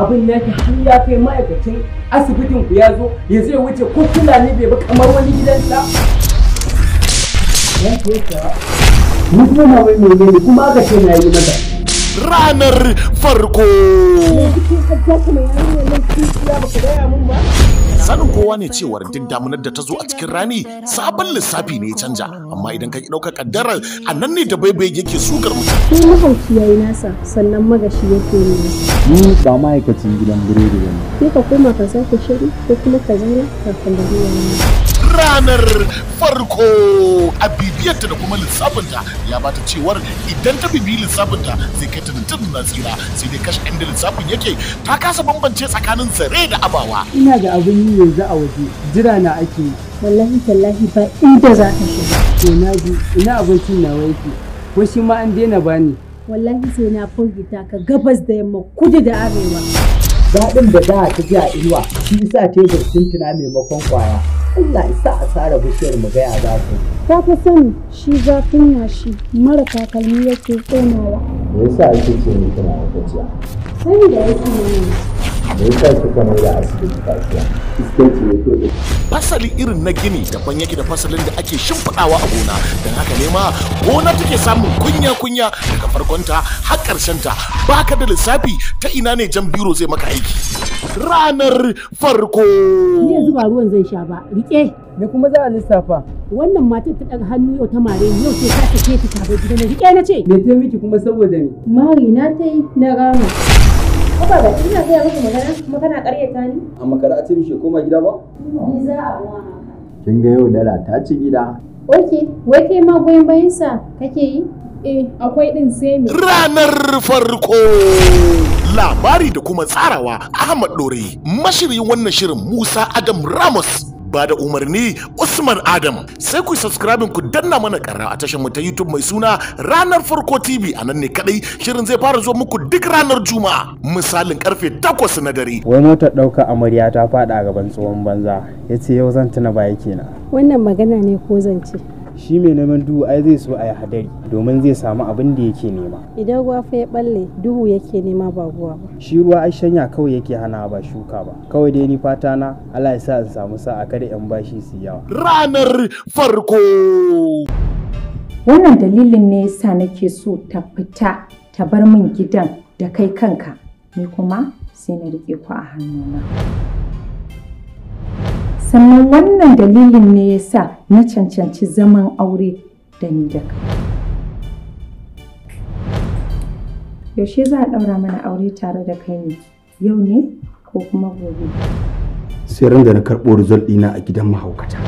abin ya ki har ya kai ma'aikacin asibitin ku ya zo ya zai wuce ko kula ne bai ba kamar wani gidansa ya ke ta ni kuma na wai mene ne kuma aka ce na yi mata ranar farko ne kike ka ta kuma yarinya ya kiciya baka gaya mun ba sanin kowa ne cewa duk damunar da ta zo a cikin rani sabon lissafi ne ya canja amma idan ka dauka kaddarar a nan ne da baibai yake sukar mu. shi mahauki yayi nasa sannan magashi yake ne. Ni ba ma'aikacin gidan biredi ba ne. ka koma ka sake shiri ko kuma ka zauna kafin da zuwa. ranar farko a bibiyarta da kuma lissafinta ya bata cewar idan ta bibiyi lissafinta zai kai ta da na tsira sai dai kashe inda lissafin yake ta kasa bambance tsakanin zare da abawa ina da abin yi yanzu a waje jira na ake wallahi tallahi ba inda za ka shiga to na ji ina abincin nawa yake ko shi ma an daina bani wallahi sai na firgita ka gabas da yamma kudu da arewa daɗin da za ta ji a inuwa shi sa tebur tuntuna maimakon kwaya Allah ya sa a tsara bishiyar mu gaya za ku. Ka fi sani shi zafin yashi mara takalmi yake tsomawa. Me yasa ake ce ni kana wata jiya? Sani da yake ne. fasali irin na gini da ban yake da fasalin da ake shimfiɗawa a gona don haka ne ma gona take samun kunya-kunya daga farkonta har ta baka da lissafi ta ina ne jan biro zai maka aiki ranar farko ni yanzu ruwan zai sha ba rike me kuma za a lissafa wannan matar ta ɗaga hannu yau ta mare yau ce ta ke ta kafin gidan rike na ce me ta miki kuma saboda ni mari na ta na rama Oba ba ina gaya muku magana kuma kana ƙaryata ni? A makara a ce mishi koma gida ba? Ni za a buwa haka. Kin ga yau dara ta ci gida. Oke, wai kai ma goyon bayan kake yi? Eh, akwai ɗin sai me. Ranar farko. labari da kuma tsarawa Ahmad Dore, mashirin wannan shirin Musa Adam Ramos ba da umarni Usman Adam sai ku subscribe ku danna mana karra a tashar mu ta YouTube mai suna ranar farko TV a nan ne kadai shirin zai fara zo muku duk ranar Juma'a misalin karfe 8 na dare wai motar dauka amarya ta fada a gaban tsohon banza yace yau zan tuna ba yake na wannan magana ne ko zance shi mai neman duhu ai zai so a yi hadari domin zai samu abin da yake nema idan ruwa fa ya balle duhu yake nema ba ruwa ba shi ruwa ai shanya kawai yake hana ba shuka ba kawai dai ni fata na Allah ya sa in samu sa'a kada yan bashi su yawa ranar farko wannan dalilin ne yasa nake so ta fita ta bar min gidan da kai kanka ni kuma sai na rike ku a hannuna sannan wannan dalilin ne ya sa na cancanci zaman aure da ni da yaushe za a ɗaura mana aure tare da kai ne yau ne ko kuma gobe sai ran da na karɓo result ɗina a gidan mahaukata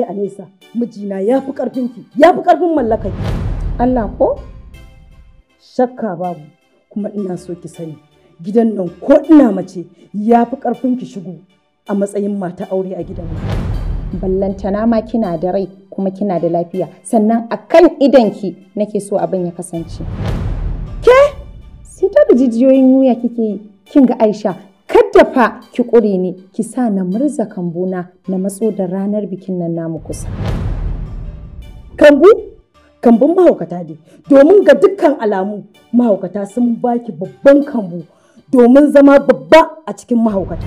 yake a nesa mijina ya fi ƙarfinki ya fi ƙarfin mallakai. Allah ko shakka babu kuma ina so ki sani gidan nan ko ina mace ya fi ƙarfinki shigo a matsayin mata aure a gidan nan ballantana ma kina da rai kuma kina da lafiya sannan a kan idanki nake so abin ya kasance ke sai ta da jijiyoyin wuya kike yi kin ga Aisha Kadda fa ki ƙure ni ki sa na murza kambuna na matso da ranar bikin nan namu kusa. Kambu? Kambun mahaukata ne, domin ga dukkan alamu mahaukata sun baki babban kambu domin zama babba a cikin mahaukata.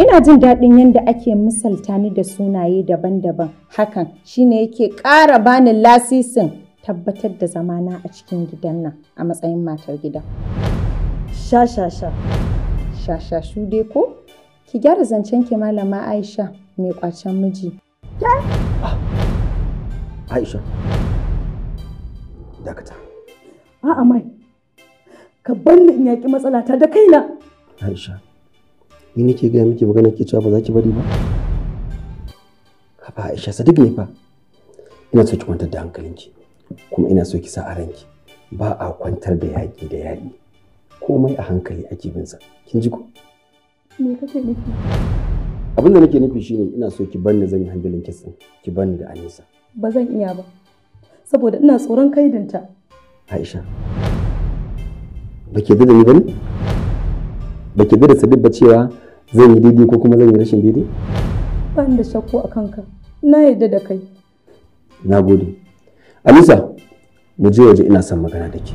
Ina jin daɗin yadda ake misalta ni da sunaye daban-daban hakan shine yake ƙara bani lasisin tabbatar da zamana a cikin gidan nan a matsayin matar gida. Sha sha sha. shashashu dai ko? Ki gyara zancen ki malama Aisha mai kwacen miji. Ah, Aisha, dakata. A'a mai, ka ni in yaƙi matsalata da kaina. Aisha, ni nake gaya miki magana ke cewa ba za ki bari ba? Ba Aisha, sadiq ne fa. Ina so ki kwantar da hankalinki, kuma ina so ki sa a ranki. Ba a kwantar da yaƙi da yaƙi. komai a hankali ake bin sa kin ji ko me kake nufi abin da nake nufi shine ina so ki banni zan yi handling kes din ki banni da Anisa ba zan iya ba saboda ina tsoron kaidinta Aisha baki da ni bane baki da Sadiq ba cewa zan yi daidai ko kuma zan yi rashin daidai ba da shakku a kanka na yadda da kai na gode Anisa mu je waje ina son magana da ke.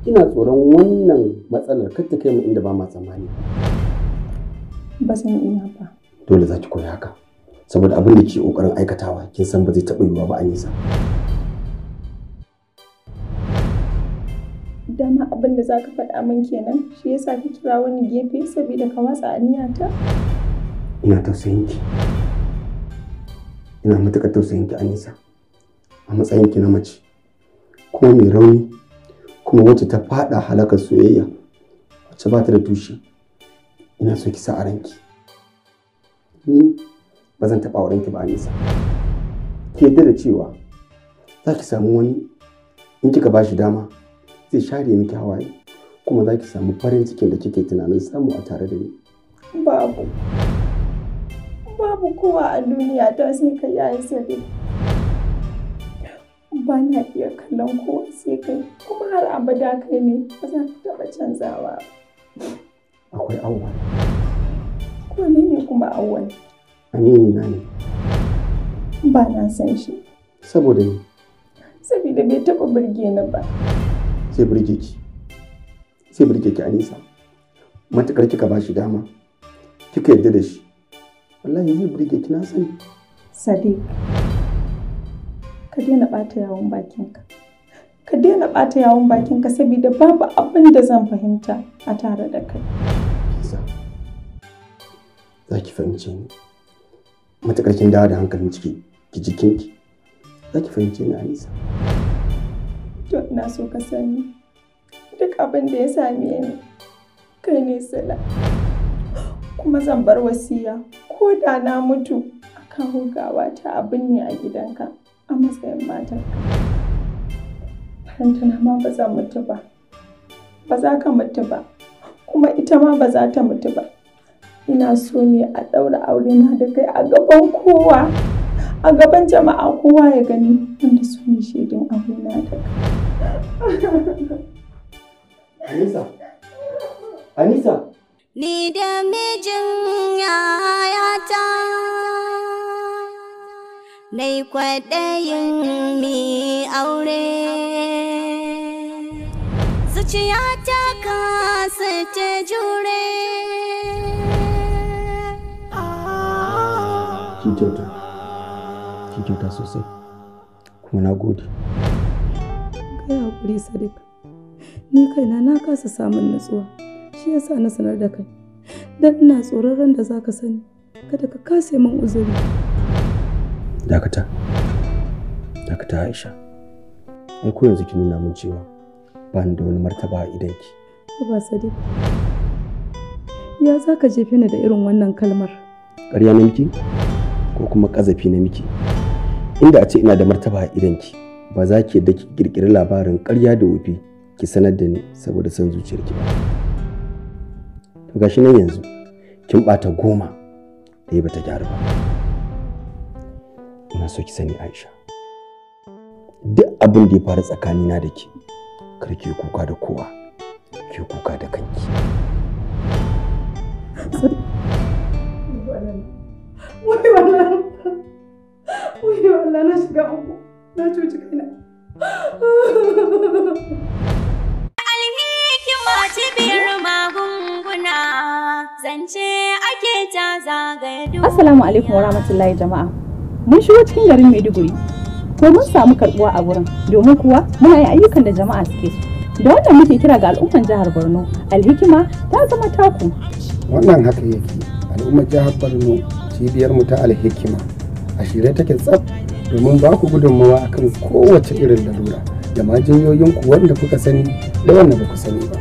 Ina tsoron wannan matsalar kar kai mu inda ba ma tsammani. Ba zan iya ba. Dole za ki koyi haka. Saboda abin da ke ƙoƙarin aikatawa kin san ba zai taɓa yiwuwa ba a nisa. Dama abin da za ka faɗa min kenan shi yasa ka kira wani gefe saboda ka watsa aniyata? Ina tausayin ki. Ina matuƙar tausayin ki Anisa. A matsayin ki na mace. Kuma mai rauni kuma wacce ta faɗa halakar soyayya wacce ba ta da tushe ina so ki sa a ranki ni ba zan taɓa aurenki ba a nisa ki yadda da cewa za ki samu wani in kika ba shi dama zai share miki hawaye kuma za ki samu farin cikin da kike tunanin samu a tare da ni babu babu kowa a duniya ta sai ka yayin ba na iya kallon ko sai kai kuma har abada kai ne ba za ka taɓa canzawa ba. akwai awwal kuma ne kuma awwal amini na ne ba na san shi saboda ni saboda bai taɓa birge ni ba sai birge ki sai birge ki anisa matukar kika ba shi dama kika yarda da shi wallahi zai birge ki na sani sadiq ka daina ɓata yawon bakinka ka daina ɓata yawon bakinka saboda babu abin da zan fahimta a tare da kai za ki fahimce ni matuƙar kin dawo da hankalin ciki ki jikinki za ki fahimce ni alisa to ina so ka sani duk abin da ya same ni kai ne sila kuma zan bar wasiya ko da na mutu a kawo ta abin ne a gidanka a matsayin matar Farantana ma ba za mutu ba ba za ka mutu ba kuma ita ma ba za ta mutu ba ina so ne a ɗaura aure na da kai a gaban kowa a gaban jama'a kowa ya gani wanda su ne shaidun aure na da Anisa Anisa Ni da mijin yayata Nai kwaɗayin mi aure. Zuciya ta kasa ta jure. kyauta, sosai, kuma na gode. Kai haƙuri Sadiq, ni kaina na kasa samun nutsuwa, shi yasa na sanar da kai. Dan ina tsoron ran da zaka sani, kada ka kase min uzuri. dakata dakata aisha ai ko yanzu ki nuna min cewa ba ni da wani martaba a ki. ba sadi. ya zaka jefe da irin wannan kalmar ƙarya na miki ko kuma ƙazafi na miki inda a ce ina da martaba a idan ki, ba za ki yadda ki labarin ƙarya da wofi ki sanar da ni saboda son zuciyarki ba to gashi nan yanzu kin ɓata goma da ba ta gyara ba ina so ki sani Aisha duk abin da ya faru tsakanina da ke kar ki kuka da kowa ki kuka da kanki wai wallahi wai wallahi na shiga uku na cuci kaina Assalamu alaikum wa rahmatullahi jama'a. mun shigo cikin garin maiduguri ko mun samu karbuwa a wurin domin kuwa muna yin ayyukan da jama'a suke so da wannan muke kira ga al'umman jihar borno alhikima ta zama taku wannan haka yake al'ummar jihar borno cibiyar mu ta alhikima a shirye take tsaf domin ba ku gudunmawa akan kowace irin lalura da ma ku wanda kuka sani da wanda ba ku sani ba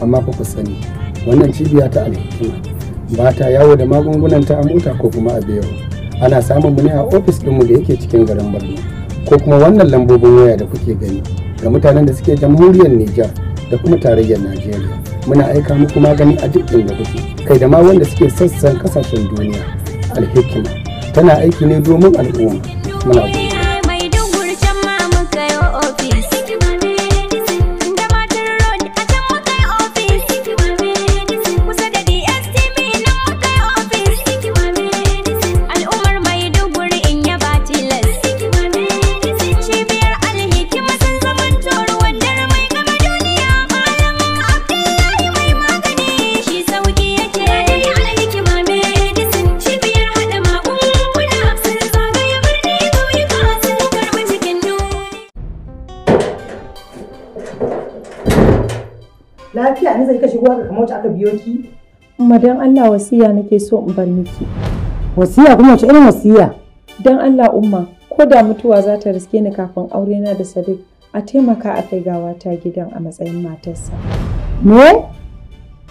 amma ku ku sani wannan cibiya ta alhikima ba ta yawo da magungunan ta a mota ko kuma a bero ana samun mu ne a ofis ɗinmu da yake cikin garin Borno ko kuma wannan lambobin waya da kuke gani ga mutanen da suke jamhuriyar Nijar da kuma tarayyar Najeriya muna aika muku magani a duk inda kuke kai da ma wanda suke sassan kasashen duniya alhikima tana aiki ne domin al'umma muna gode sai ka shigo haka kamar wacce aka biyo ki madan Allah wasiya nake so in bar miki wasiya kuma wacce irin wasiya dan Allah umma ko da mutuwa za ta riske ni kafin aure na da Sadiq a taimaka a kai gawa ta gidan a matsayin matarsa me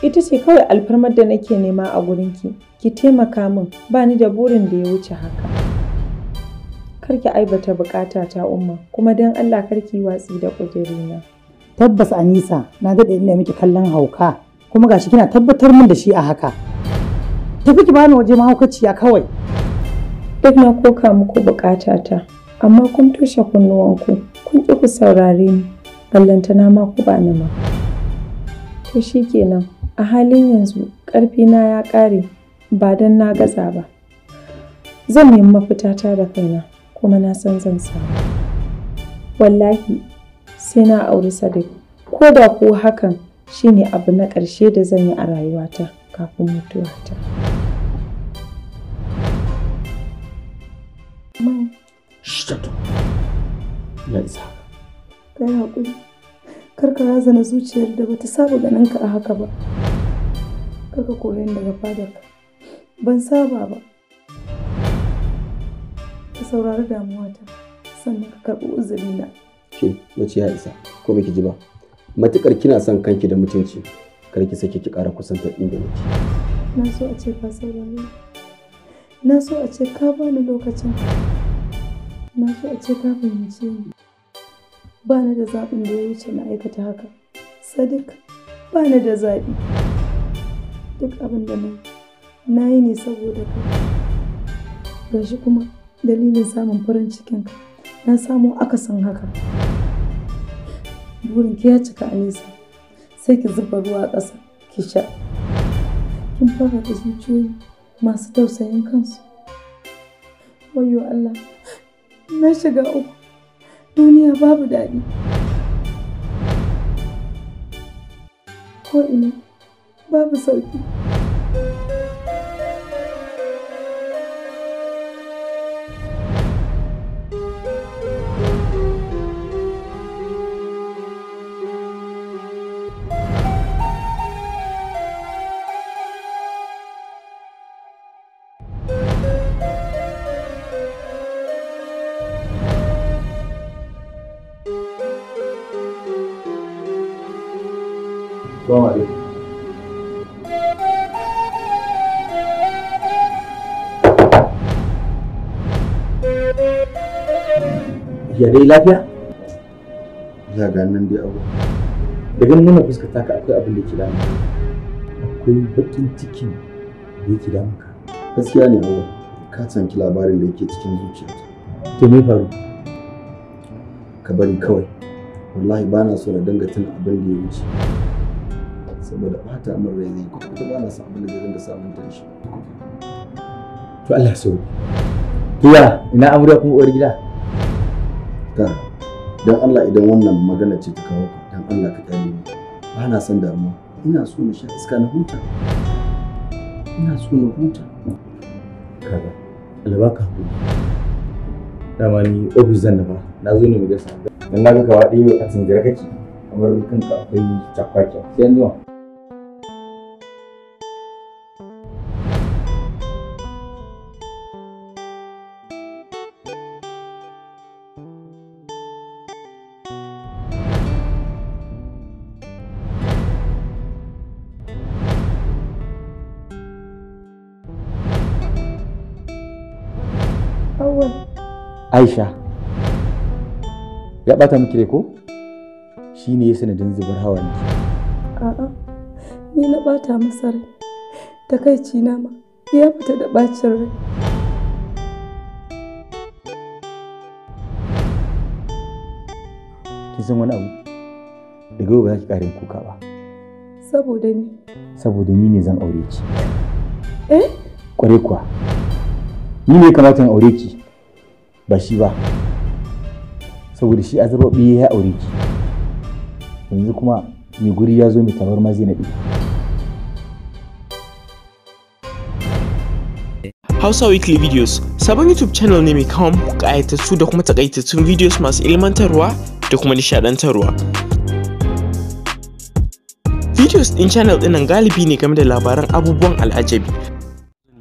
ita ce kawai alfarmar da nake nema a gurin ki Ki taimaka min ba ni da burin da ya wuce haka karki aibata bukata ta umma kuma dan Allah karki watsi da kudirina. tabbas anisa na daɗe ina miki kallon hauka kuma gashi kina tabbatar min da shi a haka tafi ki bani waje mahaukaciya kawai duk na koka muku bukata ta amma kun toshe kunnuwanku kun ki ku saurare ni ballantana ma ku ba ni ma to shikenan a halin yanzu ƙarfi na ya ƙare ba don na gaza ba zan nemi ta da kaina kuma na san zan samu wallahi sai na auri Sadiq ko da ko hakan shine abu na ƙarshe da zan yi a rayuwata kafin mutuwata. Kai haƙuri, karka razana zuciyar da bata a haka ba. Ka saurari damuwata, sannan ka karɓi uzurina. ke na ce ya isa ko baki ji ba matukar kina son kanki da mutunci kar ki sake ki ƙara kusanta inda nake na so a ce ka saurare na so a ce ka bani lokacin na so a ce ka fahimce ni ba ni da zaɓin da ya wuce na aikata haka sadik ba ni da zaɓi duk abin da na yi ne saboda ka gashi kuma dalilin samun farin cikinka na samu akasin haka. burin ki ya cika a Anisa. Sai ki zuba ruwa ƙasa ki sha. Kin fara da zuciyoyi masu tausayin kansu. Wayo Allah, na shiga uku. Duniya babu daɗi. Ko ina babu sauki. dai lafiya? Za ga nan dai abu. Da ganin wannan fuskar ka akwai abin da ke damu. Akwai bakin cikin da yake damu ka. Gaskiya ne Allah. Ka tsanki labarin da yake cikin zuciyarta. To me faru? Ka bari kawai. Wallahi ba na so na danga tuna abin da ya wuce. Saboda bata min rai zai kuma ba na so abin da zai dinga samun tashi. To Allah sauri. Iya, ina amarya kuma uwar gida. Ka, don Allah idan wannan magana ce ta kawo ka, don Allah ka kyale ni. Ba na son damuwa. Ina so na sha iska na huta. Ina so na huta. Kaga, albaka ku. Dama ni ofis zan da ba. Na zo ne mu gaisa. Dan na ga kawai a tsingire kake. Kamar kanka akwai cakwaki. Sai yanzu. aisha ya bata miki ko shi ne ya sanadin zubar hawan a'a ni na bata masa rai takaici na ma ya fita da bacin rai kin san wani abu daga yau ba za ki ƙara kuka ba saboda ni saboda ni ne zan aure ki eh kware kuwa ni ne kamata in aure ki ba shi ba saboda shi azababi ya aure ki yanzu kuma mai guri ya zo mai tabarma zai Hausa Weekly Videos sabon YouTube channel ne mai kawo muku ƙayatattu da kuma taƙaitatun videos masu ilmantarwa da kuma nishaɗantarwa. Videos ɗin channel ɗinnan galibi ne game da labaran abubuwan al'ajabi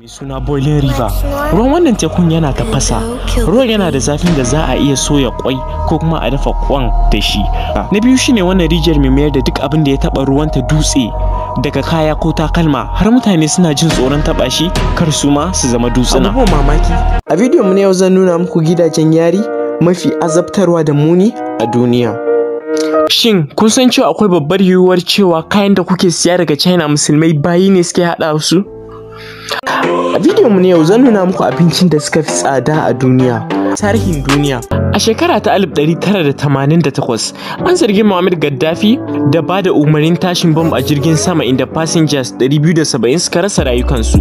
mai suna boiling river ruwan wannan tekun yana tafasa ruwan yana da zafin da za a iya soya kwai ko kuma a dafa kwan da shi na biyu shine wannan rijiyar mai mayar da duk abin da ya taba ruwan ta dutse daga kaya ko takalma har mutane suna jin tsoron taba shi kar su ma su zama dutsuna abubuwan mamaki a bidiyon mu na yau zan nuna muku gidajen yari mafi azabtarwa da muni a duniya Shin kun san cewa akwai babbar yiwuwar cewa kayan da kuke siya daga China musulmai bayi ne suke haɗa su? A bidiyon mu na yau zan nuna muku abincin da suka fi tsada a duniya. Tarihin duniya. A shekara ta 1988, an zargi Muhammad Gaddafi da ba da umarnin tashin bom a jirgin sama inda passengers 270 suka rasa rayukansu.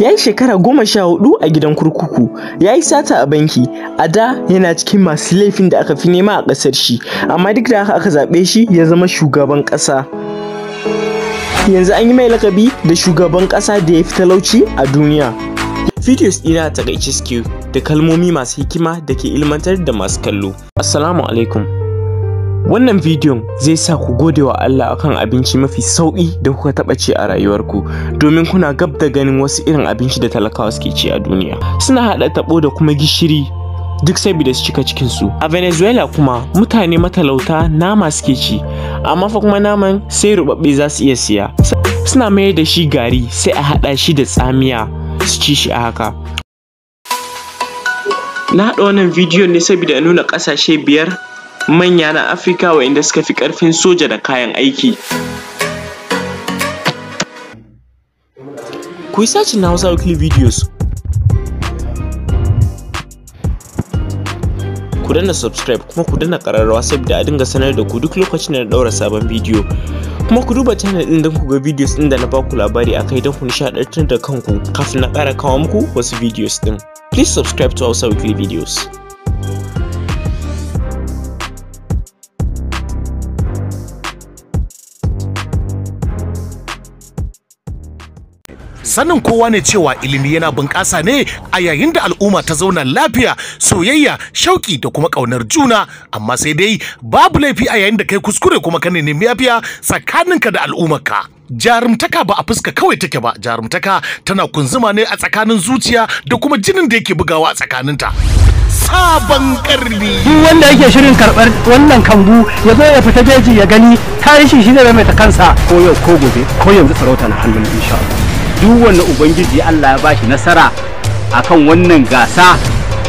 Ya yi shekara goma sha hudu a gidan kurkuku, ya yi sata a banki, a da yana cikin masu laifin da aka fi nema a ƙasar shi, amma duk da haka aka zaɓe shi ya zama shugaban ƙasa. yanzu an yi mai lakabi da shugaban ƙasa da ya fi talauci a duniya. Videos ɗina takaice suke da kalmomi masu hikima da ke ilmantar da masu kallo. Assalamu alaikum. Wannan bidiyon zai sa ku gode wa Allah akan abinci mafi sauƙi da kuka taɓa ci a rayuwarku domin kuna gab da ganin wasu irin abinci da talakawa suke ci a duniya. Suna haɗa taɓo da kuma gishiri duk saboda su cika su a venezuela kuma mutane matalauta nama suke ci amma fa kuma naman sai rubabbe za su iya siya suna mayar da shi gari sai a hada shi da tsamiya su ci shi a haka na haɗa wannan bidiyon ne saboda nuna ƙasashe biyar manya na afirka waɗanda suka fi karfin soja da kayan aiki ku yi na hausa videos ku danna subscribe kuma ku danna kararrawa saboda a dinga sanar da ku duk lokacin da na daura sabon bidiyo kuma ku duba channel din don ku ga videos din da na baku labari akai don ku nishadantar da kanku kafin na ƙara kawo muku wasu videos din please subscribe to our weekly videos sanin kowa ne cewa ilimi yana bunƙasa ne a yayin da al'umma ta zauna lafiya soyayya shauki da kuma ƙaunar juna amma sai dai babu laifi a yayin da kai kuskure kuma ka nemi yafiya tsakaninka da al'ummarka jarumtaka ba a fuska kawai take ba jarumtaka tana kunzuma ne a tsakanin zuciya da kuma jinin da yake bugawa a tsakaninta sabon karni duk wanda yake shirin karbar wannan kambu ya zo ya fita jeji ya gani tarihi shi zai mai ta kansa ko yau ko gobe ko yanzu sarauta na hannun insha duk wanda ubangiji Allah ya bashi nasara akan wannan gasa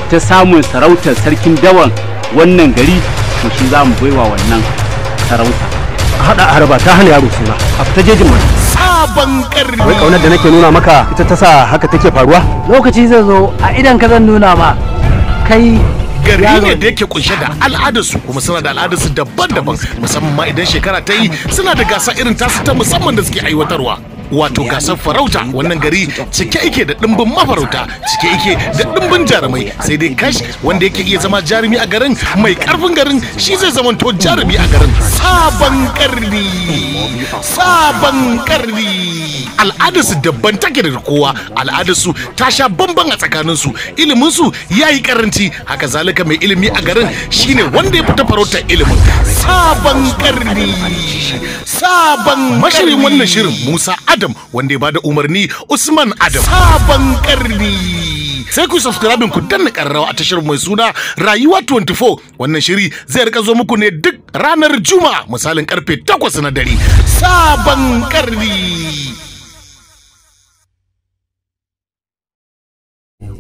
ta samun sarautar sarkin dawan wannan gari to shi za mu baiwa wannan sarauta hada harba ta hana yaro suna a fita jejin mana sabon karni wai kaunar da nake nuna maka ita ta sa haka take faruwa lokaci zai zo a idan ka zan nuna ma kai gari ne da yake kunshe da al'adarsu kuma suna da al'adarsu daban-daban musamman ma idan shekara ta yi suna da gasa irin tasu ta musamman da suke aiwatarwa wato gasar farauta wannan gari cike yake da dimbin mafarauta cike yake da dimbin jarumai sai dai kash wanda yake iya zama jarumi a garin mai karfin garin shi zai zama to jarumi a garin sabon karni sabon karni al'adarsu dabban take da kowa al'adarsu ta sha bamban a tsakaninsu iliminsu ya yi karanci haka zalika mai ilimi a garin shine wanda ya fita farautar ilimin sabon karni sabon mashirin wannan shirin musa ad Adam wanda ya bada umarni Usman Adam. Sabon karni. Sai ku subscribe ku danna karrawa a tashar mai suna Rayuwa 24. Wannan shiri zai rika zo muku ne duk ranar Juma'a misalin karfe 8 na dare. Sabon karni.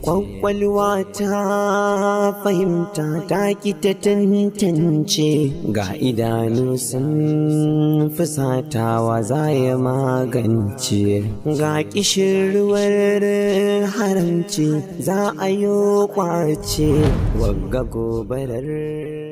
Kwakwalwa ta fahimta ta ki ta tantance ga idanu sun fusatawa za ya magance ga kishirwar haramci za a yi kwace wagga gobarar